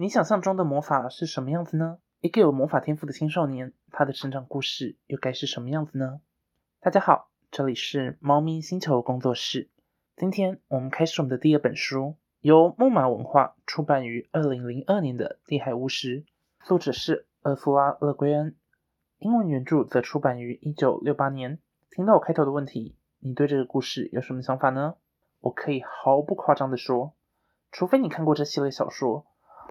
你想象中的魔法是什麼樣子呢？一個有魔法天賦的青少年，他的成長故事又該是什麼樣子呢？大家好，這裡是貓咪星球工作室。今天我們開始我們的第二本書，由木馬文化出版於二零零二年的《地海巫師》，作者是厄蘇拉·勒圭恩，英文原著則出版於一九六八年。聽到我開頭的問題，你對這個故事有什麼想法呢？我可以毫不誇張地說，除非你看過這系列小說。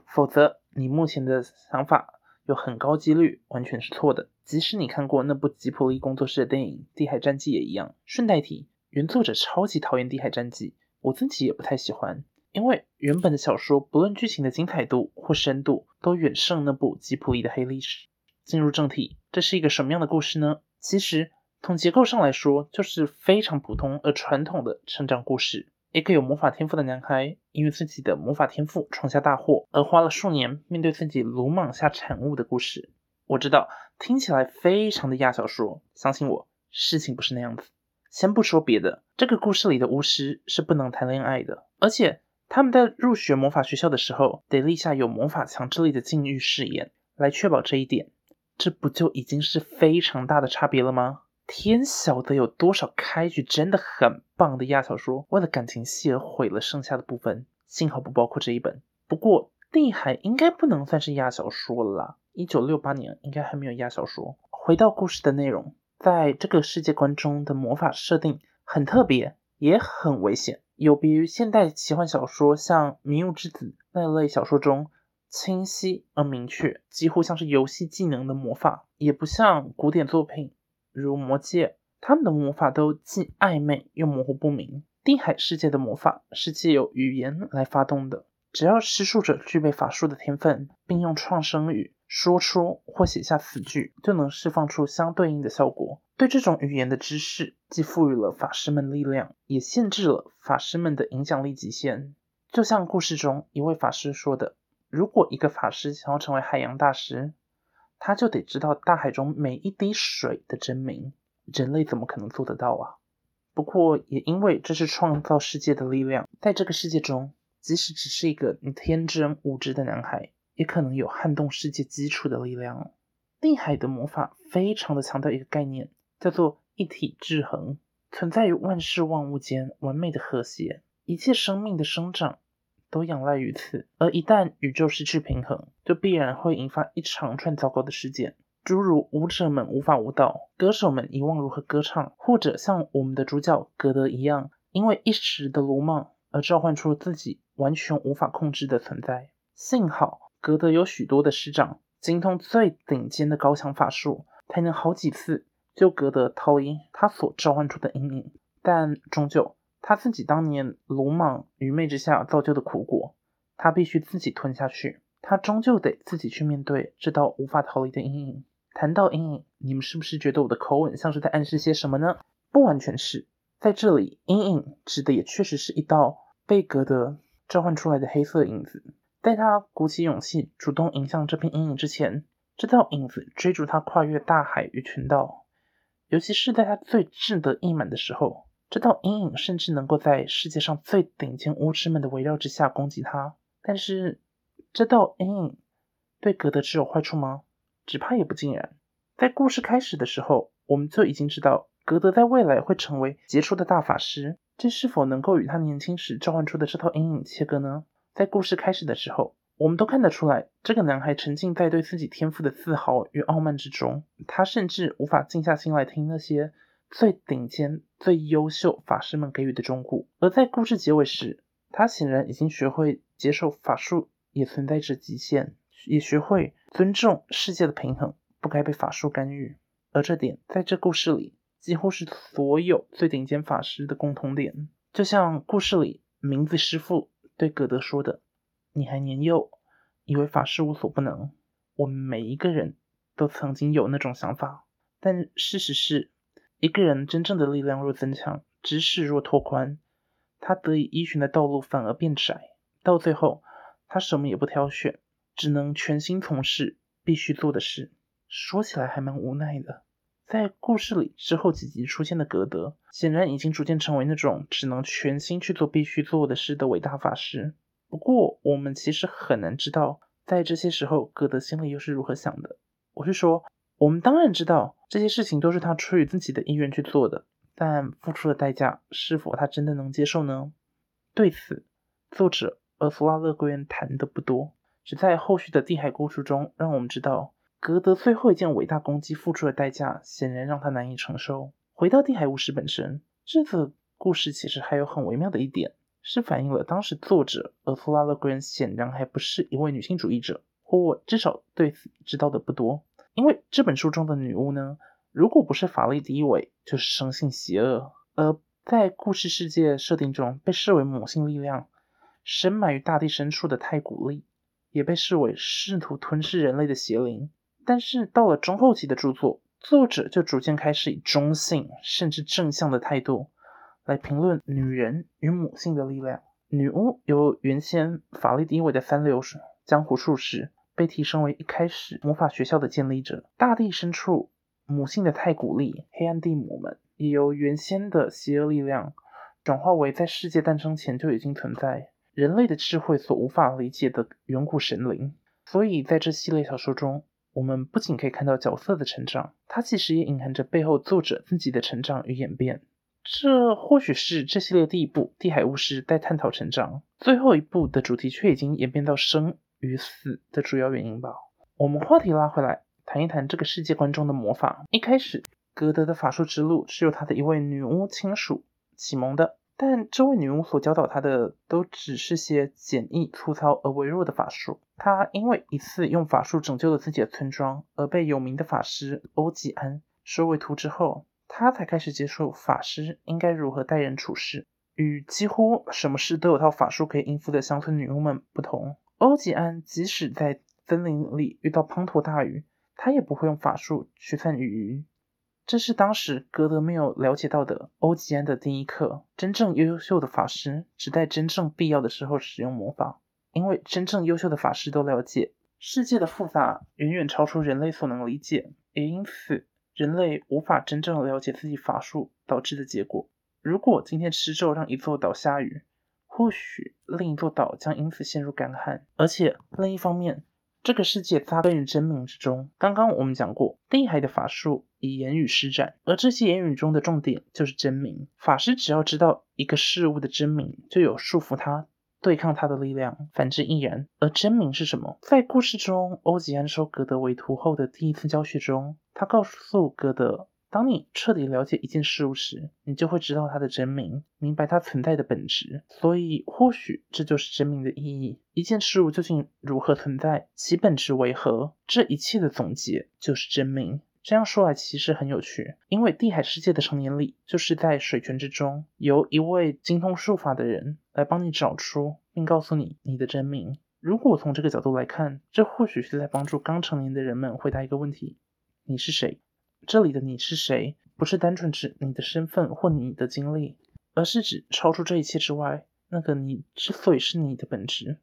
否則，你目前的想法有很高幾率完全是錯的。即使你看過那部吉卜力工作室的電影《地海戰記》也一樣。順帶一提，原作者超級討厭《地海戰記》，我自己也不太喜歡，因為原本的小說不論劇情的精彩度或深度，都遠勝那部吉卜力的黑歷史。進入正題，這是一個什麼樣的故事呢？其實從結構上來說，就是非常普通而傳統的成長故事。一個有魔法天賦的男孩，因為自己的魔法天賦闖下大禍，而花了數年面對自己魯莽下產物的故事。我知道聽起來非常的 YA 小說，相信我，事情，不是那樣子。先不說別的，這個故事裡的巫師是不能談戀愛的，而且他們在入學魔法學校的時候，得立下有魔法強制力的禁慾誓言來確保這一點，這不就已經是非常大的差別了嗎？天曉得有多少開局真的很棒的 YA 小說，為了感情戲而毀了剩下的部分。幸好不包括這一本。不過，地海應該不能算是 YA 小說了啦。啦一九六八年應該還沒有 YA 小說。回到故事的內容，在這個世界觀中的魔法設定很特別，也很危險，有別於現代奇幻小說，像《迷霧之子》那類小說中清晰而明確，幾乎像是遊戲技能的魔法，也不像古典作品。如魔戒，他們的魔法都既曖昧又模糊不明。地海世界的魔法是借由語言來發動的，只要施術者具備法術的天分，並用創生語說出或寫下詞句，就能釋放出相對應的效果。對這種語言的知識，既賦予了法師們力量，也限制了法師們的影響力極限。就像故事中一位法師說的：“如果一個法師想要成為海洋大師，”他就得知道大海中每一滴水的真名，人類怎麼可能做得到啊？不過也因為這是創造世界的力量，在這個世界中，即使只是一個你天真無知的男孩，也可能有撼動世界基礎的力量哦。地海的魔法非常的強調一個概念，叫做一體制衡，存在於萬事萬物間，完美的和諧，一切生命的生長都仰賴於此，而一旦宇宙失去平衡，就必然會引發一長串糟糕的事件，諸如舞者們無法舞蹈，歌手們遺忘如何歌唱，或者像我們的主角格德一樣，因為一時的魯莽而召喚出自己完全無法控制的存在。幸好格德有許多的師長，精通最頂尖的高強法術，才能好幾次救格德逃離他所召喚出的陰影，但終究。他自己當年魯莽愚昧之下造就的苦果，他必須自己吞下去。他終究得自己去面對這道無法逃離的陰影。談到陰影，你們是不是覺得我的口吻像是在暗示些什麼呢？不完全是。在這裡，陰影指的也確實是一道被格德召喚出來的黑色的影子。在他鼓起勇氣主動迎向這片陰影之前，這道影子追逐他跨越大海與群島，尤其是在他最志得意滿的時候。這道陰影甚至能夠在世界上最頂尖巫師們的圍繞之下攻擊他，但是這道陰影對格德只有壞處嗎？只怕也不盡然。在故事開始的時候，我們就已經知道格德在未來會成為傑出的大法師，這是否能夠與他年輕時召喚出的這套陰影切割呢？在故事開始的時候，我們都看得出來，這個男孩沉浸在對自己天賦的自豪與傲慢之中，他甚至無法靜下心來聽那些，最頂尖、最優秀法師們給予的忠告。而在故事結尾時，他顯然已經學會接受法術也存在着極限，也學會尊重世界的平衡，不該被法術干預。而這點在這故事裡幾乎是所有最頂尖法師的共同點。就像故事裡名字師傅對葛德說的：“你還年幼，以為法師無所不能。我們每一個人都曾經有那種想法，但事實是。”一個人真正的力量若增強，知識若拓寬，他得以依循的道路反而變窄，到最後，他什麼也不挑選，只能全心從事必須做的事。說起來還蠻無奈的。在故事裡之後幾集出現的格德，顯然已經逐漸成為那種只能全心去做必須做的事的偉大法師。不過，我們其實很難知道，在這些時候，格德心裡又是如何想的。我是說。我們當然知道這些事情都是他出於自己的意願去做的，但付出的代價是否他真的能接受呢？對此，作者厄蘇拉·勒瑰恩談的不多，只在後續的地海故事中讓我們知道，格德最後一件偉大功績付出的代價顯然讓他難以承受。回到地海巫師本身，這次故事其實還有很微妙的一點，是反映了當時作者厄蘇拉·勒瑰恩顯然還不是一位女性主義者，或至少對此知道的不多。因為這本書中的女巫呢，如果不是法力低微，就是生性邪惡。而在故事世界設定中，被視為母性力量，深埋於大地深處的太古力，也被視為試圖吞噬人類的邪靈。但是到了中後期的著作，作者就逐漸開始以中性甚至正向的態度來評論女人與母性的力量。女巫由原先法力低微的三流江湖術士。被提升為一開始魔法學校的建立者，大地深處母性的太古力，黑暗地母們也由原先的邪惡力量，轉化為在世界誕生前就已經存在，人類的智慧所無法理解的遠古神靈。所以在這系列小說中，我們不僅可以看到角色的成長，它其實也隱含着背後作者自己的成長與演變。這或許是這系列第一部《地海巫師》在探討成長，最後一部的主題卻已經演變到生。於死的主要原因吧。我們話題拉回來，談一談這個世界觀中的魔法。一開始，格德的法術之路是由他的一位女巫親屬啟蒙的，但這位女巫所教導他的都只是些簡易、粗糙而微弱的法術。他因為一次用法術拯救了自己的村莊而被有名的法師歐吉安收為徒之後，他才開始接受法師應該如何待人處事。與幾乎什麼事都有套法術可以應付的鄉村女巫們不同。歐吉安即使在森林裡遇到滂沱大雨，他也不會用法術驅散雨雲。這是當時格德沒有了解到的歐吉安的第一課：真正優秀的法師只在真正必要的時候使用魔法，因為真正優秀的法師都了解世界的複雜遠遠超出人類所能理解，也因此人類無法真正了解自己法術導致的結果。如果今天施咒讓一座島下雨。或許另一座島將因此陷入乾旱，而且另一方面，這個世界紮根於真名之中。剛剛我們講過，厲害的法術以言語施展，而這些言語中的重點就是真名。法師只要知道一個事物的真名，就有束縛他、對抗他的力量。反之亦然。而真名是什麼？在故事中，歐吉安收格德為徒後的第一次教學中，他告訴格德。當你徹底了解一件事物時，你就會知道它的真名，明白它存在的本質。所以，或許這就是真名的意義。一件事物究竟如何存在，其本質為何？這一切的總結就是真名。這樣說來，其實很有趣，因為地海世界的成年禮就是在水泉之中，由一位精通術法的人來幫你找出並告訴你你的真名。如果從這個角度來看，這或許是在幫助剛成年的人們回答一個問題：你是誰？這裡的你是誰？不是單純指你的身份或你的經歷，而是指超出這一切之外，那個你之所以是你的本質。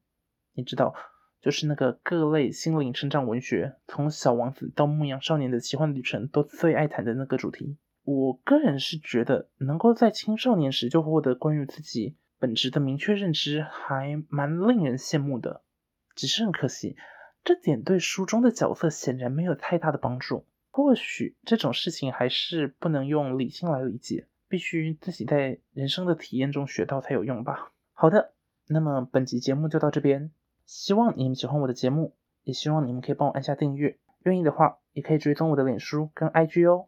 你知道，就是那個各類心靈成長文學，從小王子到牧羊少年的奇幻旅程都最愛談的那個主題。我個人是覺得，能夠在青少年時就獲得關於自己本質的明確認知，還蠻令人羨慕的。只是很可惜，這點對書中的角色顯然沒有太大的幫助。或許這種事情還是不能用理性來理解，必須自己在人生的體驗中學到才有用吧。好的，那麼本集節目就到這邊，希望你們喜歡我的節目，也希望你們可以幫我按下訂閱，願意的話也可以追蹤我的臉書跟 IG 哦。